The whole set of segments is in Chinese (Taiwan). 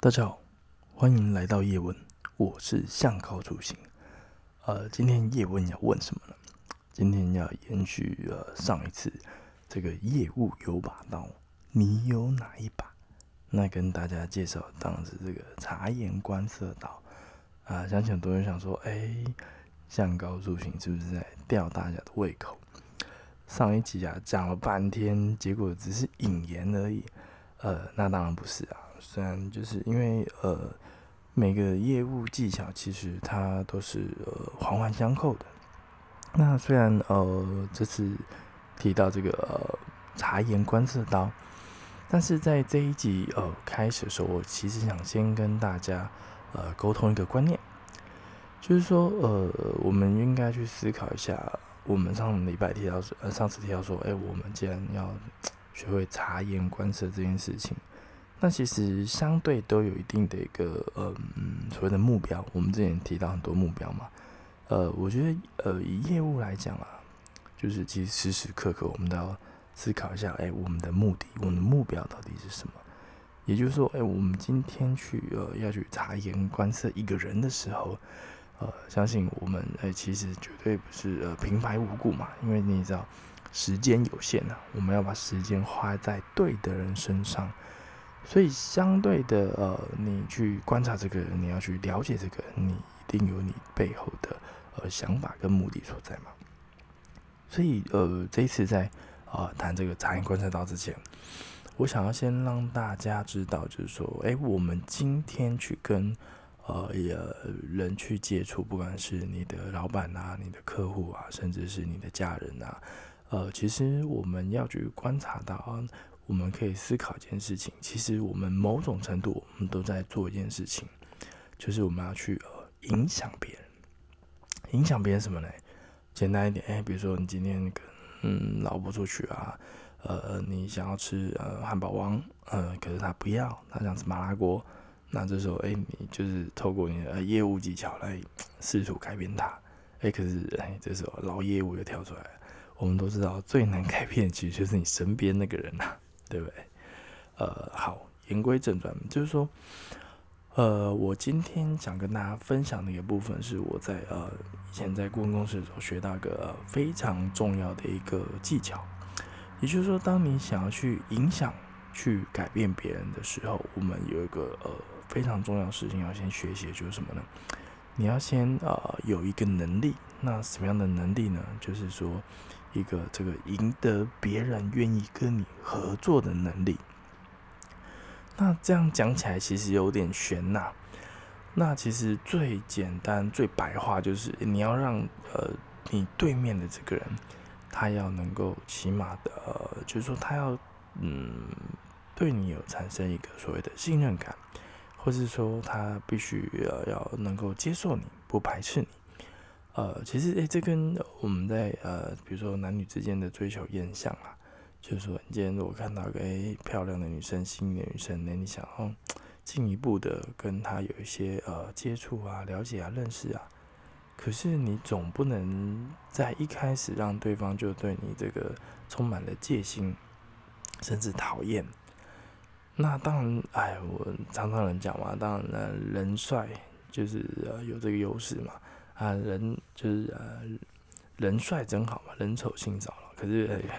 大家好，歡迎來到樂問，我是向高出行。呃，今天樂問要問什麼呢？今天要延續呃上一次這個業務有把刀，你有哪一把？那跟大家介紹當時這個察言觀色刀。啊、呃，相信很多人想說，哎，向高出行是不是在吊大家的胃口？上一集啊講了半天，結果只是引言而已。呃，那當然不是啊。雖然就是因為呃每個業務技巧其實它都是呃環環相扣的，那雖然呃這次提到這個呃察言觀色刀，但是在這一集呃開始的時候，我其實想先跟大家呃溝通一個觀念，就是說呃我們應該去思考一下，我們上禮拜提到說，呃上次提到說，哎、欸，我們既然要學會察言觀色這件事情。那其實相對都有一定的一個呃、嗯、所謂的目標，我們之前提到很多目標嘛。呃，我覺得呃以業務來講啊，就是其實時時刻刻我們都要思考一下，哎、欸，我們的目的、我們的目標到底是什麼？也就是說，哎、欸，我們今天去呃要去察言觀色一個人的時候，呃，相信我們哎、欸、其實絕對不是呃平白無故嘛，因為你知道時間有限了、啊，我們要把時間花在對的人身上。所以相對的，呃，你去觀察這個人，你要去了解這個人，你一定有你背後的呃想法跟目的所在嘛。所以，呃，這一次在啊、呃、談這個察言觀色刀之前，我想要先讓大家知道，就是說，哎，我們今天去跟呃也人去接觸，不管是你的老闆啊、你的客戶啊，甚至是你的家人啊，呃，其實我們要去觀察到啊。我們可以思考一件事情，其實我們某種程度我們都在做一件事情，就是我們要去呃影響別人，影響別人什麼呢？簡單一點，哎、欸，比如說你今天跟嗯老婆出去啊，呃，你想要吃呃漢堡王，呃，可是他不要，他想吃麻辣鍋，那這時候哎、欸，你就是透過你的、呃、業務技巧來試圖改變他，哎、欸，可是哎、欸，這時候老業務又跳出來了，我們都知道最難改變的其實就是你身邊那個人吶、啊。對不對？呃，好，言歸正傳，就是說，呃，我今天想跟大家分享的一個部分是我在呃以前在顧問公司的時候學到一個、呃、非常重要的一個技巧，也就是說，當你想要去影響、去改變別人的時候，我們有一個呃非常重要的事情要先學習，就是什麼呢？你要先呃有一個能力。那什麼樣的能力呢？就是說，一個這個贏得別人願意跟你合作的能力。那這樣講起來其實有點玄吶、啊。那其實最簡單、最白話，就是你要讓呃，你對面的這個人，他要能夠起碼的，呃、就是說他要嗯，對你有產生一個所謂的信任感，或是說他必須要、呃、要能夠接受你，不排斥你。呃，其實誒、欸，這跟我們在呃，比如說男女之間的追求印象啊，就是說，今天我看到一個、欸、漂亮的女生、心儀的女生呢、欸，你想哦，進一步的跟她有一些呃接觸啊、了解啊、認識啊，可是你總不能在一開始讓對方就對你這個充滿了戒心，甚至討厭。那當然，哎，我常常能講嘛，當然、呃、人帥就是、呃、有這個優勢嘛。啊，人就是呃，人帥、就是呃，真好嘛，人醜心少了。可是，呃，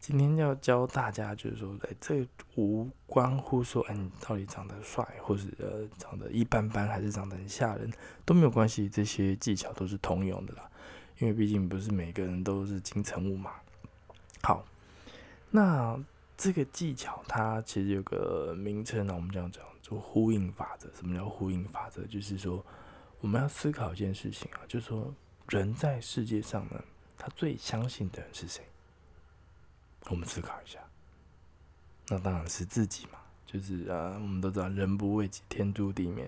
今天要教大家，就是說，哎，呃，這無關乎說，哎，呃，你到底長得帥，或是呃，長得一般般，還是長得很嚇人，都沒有關係。這些技巧都是通用的啦，因為畢竟不是每個人都是金城武嘛。好，那這個技巧它其實有個名稱，啊，我們這樣講，做呼應法則。什麼叫呼應法則？就是說。我們要思考一件事情啊，就是說，人在世界上呢，他最相信的人是誰？我們思考一下，那當然是自己嘛，就是啊，我們都知道“人不為己，天誅地滅”，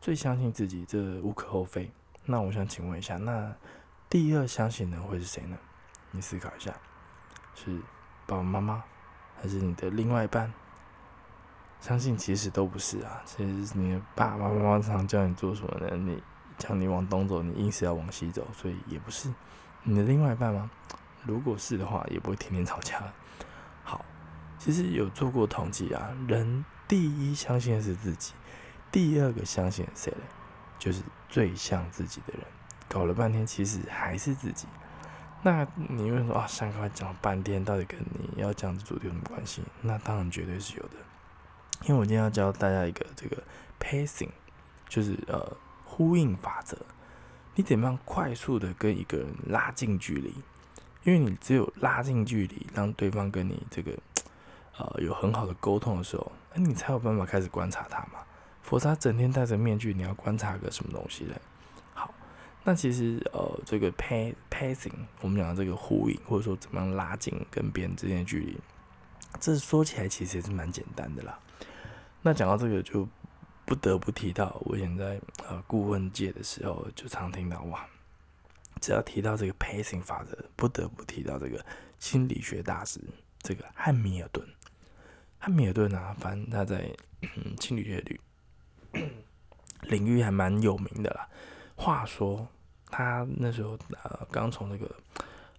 最相信自己，這無可厚非。那我想請問一下，那第二相信的人會是誰呢？你思考一下，是爸爸媽媽，還是你的另外一半？相信其實都不是啊，其實你的爸爸媽媽常，常教你做什麼呢？你叫你往東走，你硬是要往西走，所以也不是你的另外一半嗎？如果是的話，也不會天天吵架了。好，其實有做過統計啊，人第一相信的是自己，第二個相信誰嘞？就是最像自己的人。搞了半天，其實還是自己。那你會說啊，向高講了半天，到底跟你要講的主題有什麼關係？那當然絕對是有的。因為我今天要教大家一個這個 pacing，就是呃呼應法則，你怎麼樣快速的跟一個人拉近距離？因為你只有拉近距離，讓對方跟你這個呃有很好的溝通的時候，那，呃，你才有辦法開始觀察他嘛。否則他整天戴着面具，你要觀察個什麼東西嘞？好，那其實呃這個 pacing，我們講的這個呼應，或者說怎麼樣拉近跟別人之間的距離，這說起來其實也是蠻簡單的啦。那講到這個，就不得不提到，我以前在呃，顧問界的時候就常聽到哇，只要提到這個 pacing 法則，不得不提到這個心理學大師這個漢密爾頓。漢密爾頓呢，反正他在嗯，心理學領域領域還蠻有名的啦。話說他那時候呃，剛從那個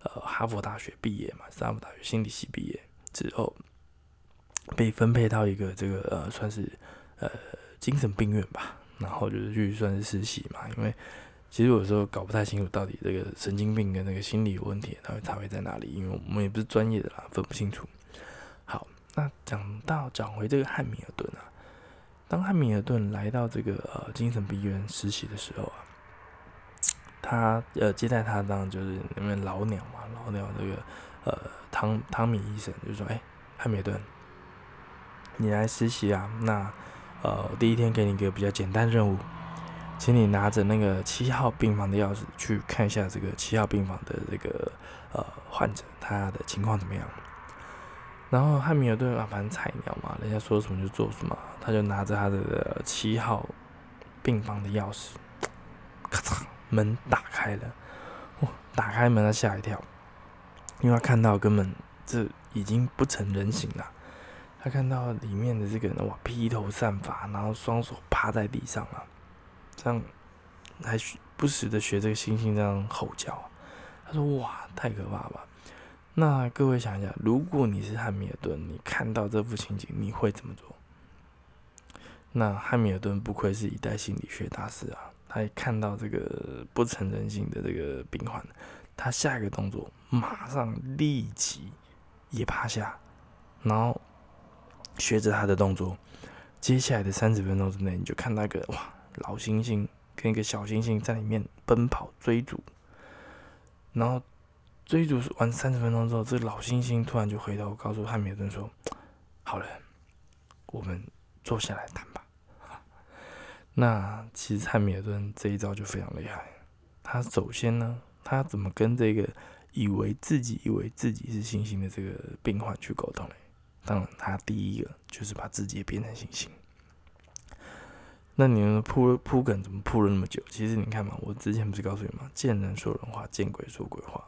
呃哈佛大學畢業嘛，哈佛大學心理系畢業之後。被分配到一個這個呃，算是呃精神病院吧，然後就是去算是實習嘛，因為其實有時候搞不太清楚到底這個神經病跟那個心理有問題，它會差別在哪裡，因為我們也不是專業的啦，分不清楚。好，那講到講回這個漢密爾頓啊，當漢密爾頓來到這個呃精神病院實習的時候啊，他呃接待他當就是那邊老鳥嘛，老鳥這個呃湯湯米醫生就是說：“哎，漢密爾頓。”你來實習啊？那，呃，第一天給你一個比較簡單任務，請你拿着那個七號病房的鑰匙去看一下這個七號病房的這個呃患者，他的情況怎麼樣？然後漢密爾頓嘛，反正菜鳥嘛，人家說什麼就做什麼，他就拿着他的、呃、七號病房的鑰匙，咔嚓，門打開了，哦。打開門他嚇一跳，因為他看到根本這已經不成人形了。他看到裡面的這個人哇，披頭散髮，然後雙手趴在地上了、啊，這樣，還不時的學這個猩猩這樣吼叫、啊。他說：“哇，太可怕了吧！”那各位想一想，如果你是漢密爾頓，你看到這幅情景，你會怎麼做？那漢密爾頓不愧是一代心理學大師啊！他一看到這個不成人性的這個病患，他下一個動作馬上立即也趴下，然後。學着他的動作，接下來的三十分鐘之內，你就看那個哇，老猩猩，跟一個小猩猩在裡面奔跑追逐，然後追逐完三十分鐘之後，這個老猩猩突然就回頭告訴漢密爾頓說：“好了，我們坐下來談吧。”那其實漢密爾頓這一招就非常厲害。他首先呢，他怎麼跟這個以為自己以為自己是猩猩的這個病患去溝通呢？當然，他第一個就是把自己也變成星星。那你們鋪鋪梗怎麼鋪了那麼久？其實你看嘛，我之前不是告訴你嗎？見人說人話，見鬼說鬼話。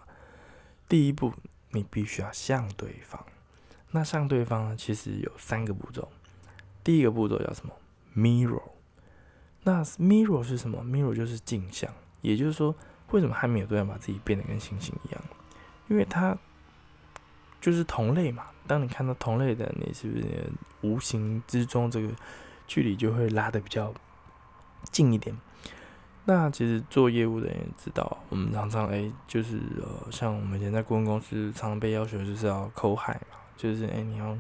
第一步，你必須要像對方。那像對方呢？其實有三個步驟。第一個步驟叫什麼？Mirror。那 Mirror 是什麼？Mirror 就是鏡像。也就是說，為什麼還沒有對人把自己變得跟星星一樣？因為他。就是同類嘛，當你看到同類的，你是不是無形之中這個距離就會拉得比較近一點？那其實做業務的人也知道，我們常常哎、欸，就是呃，像我們現在顧問公司常常被要求就是要摳海嘛，就是誒、欸，你要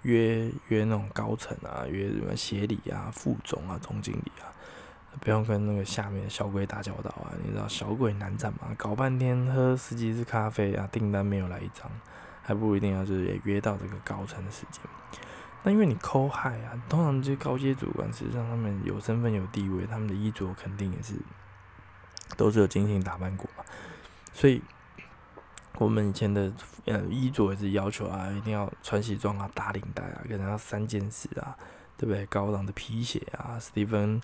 約約那種高層啊，約什麼協理啊、副總啊、總經理啊，不要跟那個下面的小鬼打交道啊，你知道小鬼難纏嘛，搞半天喝十幾支咖啡啊，訂單沒有來一張。還不一定要就是也約到這個高層的時間，那因為你摳嗨啊，通常這些高階主管，實際上他們有身份有地位，他們的衣着肯定也是，都是有精心打扮過嘛。所以，我們以前的呃衣着也是要求啊，一定要穿西裝啊，打領帶啊，跟人家三件式啊，對不對？高檔的皮鞋啊，史蒂芬，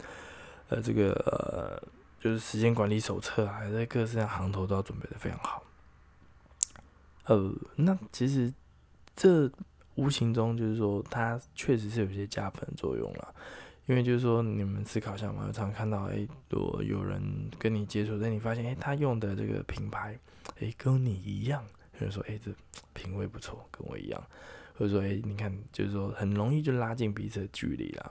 呃這個呃就是時間管理手冊啊，在各式各樣行頭都要準備的非常好。呃，那其實這無形中就是說，它確實是有些加分作用了，因為就是說，你們思考一下嘛，我常，常看到，誒、欸，如果有人跟你接觸，但你發現，誒、欸，他用的這個品牌，誒、欸，跟你一樣，就是說，誒、欸，這品味不錯，跟我一樣，或者說，誒、欸，你看，就是說，很容易就拉近彼此的距離啦，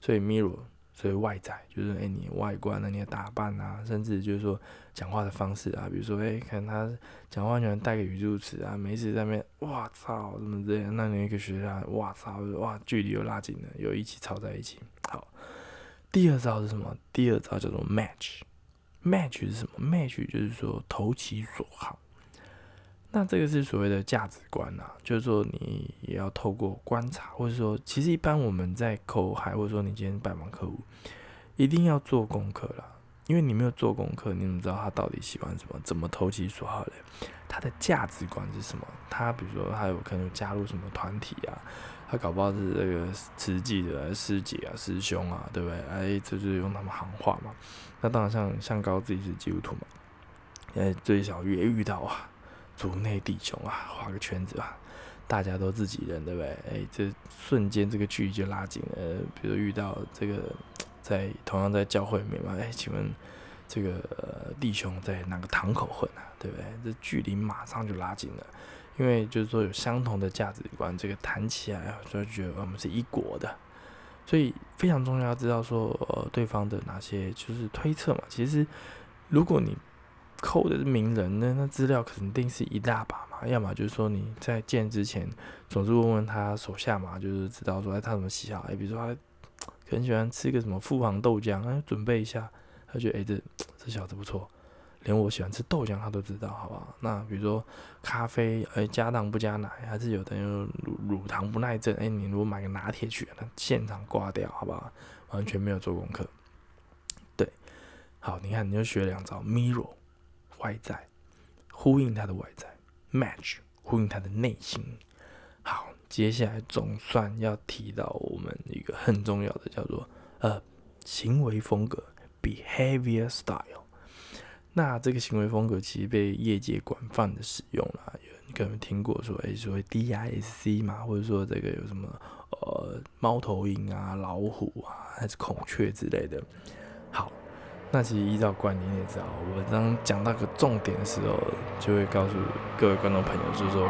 所以米魯。所以外在就是哎、欸，你外觀啊，你的打扮啊，甚至就是說講話的方式啊，比如說哎、欸，看他講話你喜歡帶個語助詞啊，每次在那邊哇操什麼之類，那你一個學長哇操，哇距離又拉近了，又一起吵在一起。好，第二招是什麼？第二招叫做 match，match match 是什麼？match 就是說投其所好。那這個是所謂的價值觀啊，就是說你也要透過觀察，或者說其實一般我們在口嗨，或者說你今天拜訪客戶，一定要做功課啦。因為你沒有做功課，你怎麼知道他到底喜歡什麼？怎麼投其所好嘞？他的價值觀是什麼？他比如說他有可能加入什麼團體啊？他搞不好是這個慈濟的師姐啊、師兄啊，對不對？哎，就是用他們行話嘛。那當然像像高自己是基督徒嘛，哎，最少也遇到啊。族內弟兄啊，畫個圈子吧，大家都自己人，對不對？哎、欸，這瞬間這個距離就拉近了，呃。比如說遇到這個在同樣在教會裡面，哎、欸，請問這個、呃、弟兄在哪個堂口混啊？對不對？這距離馬上就拉近了，因為就是說有相同的價值觀，這個談起來、啊、就所以覺得我們是一國的。所以非常重要，要知道說、呃、對方的哪些就是推測嘛。其實如果你。扣的是名人呢？那資料肯定是一大把嘛。要麼就是說你在見之前，總是問問他手下嘛，就是知道說他怎麼喜好誒、欸，比如說他很喜歡吃個什麼富強豆漿哎、欸，準備一下。他覺得哎、欸、這這小子不錯，連我喜歡吃豆漿他都知道，好不好？那比如說咖啡哎加糖不加奶，還是有的人乳乳糖不耐症哎、欸，你如果買個拿鐵去，那現場掛掉好不好？完全沒有做功課。對，好，你看你就學兩招 mirror 外在，呼應他的外在，match，呼應他的內心。好，接下來總算要提到我們一個很重要的，叫做呃行為風格 （behavior style）。那這個行為風格其實被業界廣泛的使用了，有人可能聽過說，哎、欸，說 DISC 嘛，或者說這個有什麼呃貓頭鷹啊、老虎啊，還是孔雀之類的。好。那其實依照慣例，你也知道，我當講到個重點的時候，就會告訴各位觀眾朋友，就是說，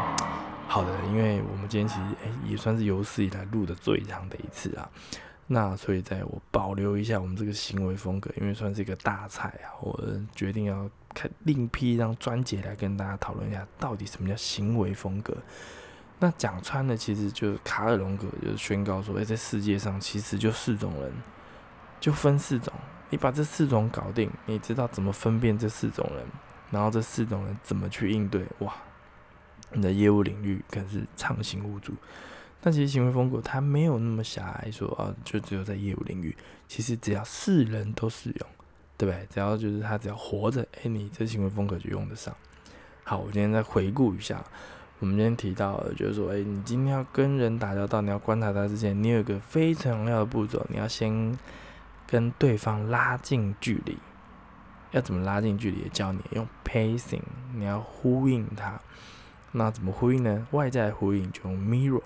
好的，因為我們今天其實哎也算是有史以來錄的最長的一次啊。那所以在我保留一下我們這個行為風格，因為算是一個大菜啊，我決定要開另闢一張專輯來跟大家討論一下，到底什麼叫行為風格。那講穿了，其實就是卡爾榮格就是宣告說，哎，這世界上其實就四種人，就分四種。你把這四種搞定，你知道怎麼分辨這四種人，然後這四種人怎麼去應對？哇，你的業務領域可能是暢行無阻。但其實行為風格它沒有那麼狹隘，說啊，就只有在業務領域。其實只要是人都適用，對不對？只要就是他只要活着，誒、欸，你這行為風格就用得上。好，我今天再回顧一下，我們今天提到的就是說，誒、欸，你今天要跟人打交道，你要觀察他之前，你有一個非常重要的步驟，你要先。跟對方拉近距離，要怎麼拉近距離？也教你用 pacing，你要呼應他。那怎麼呼應呢？外在呼應就用 mirror，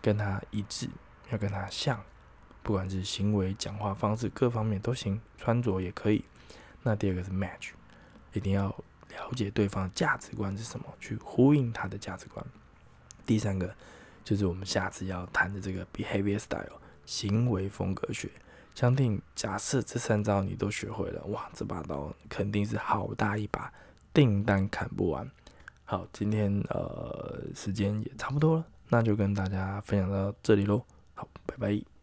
跟他一致，要跟他像。不管是行為、講話方式各方面都行，穿着也可以。那第二個是 match，一定要了解對方的價值觀是什麼，去呼應他的價值觀。第三個就是我們下次要談的這個 behavior style，行為風格學。相信假設這三招你都學會了，哇，這把刀肯定是好大一把，訂單砍不完。好，今天，呃，時間也差不多了，那就跟大家分享到這裡嘍。好，拜拜。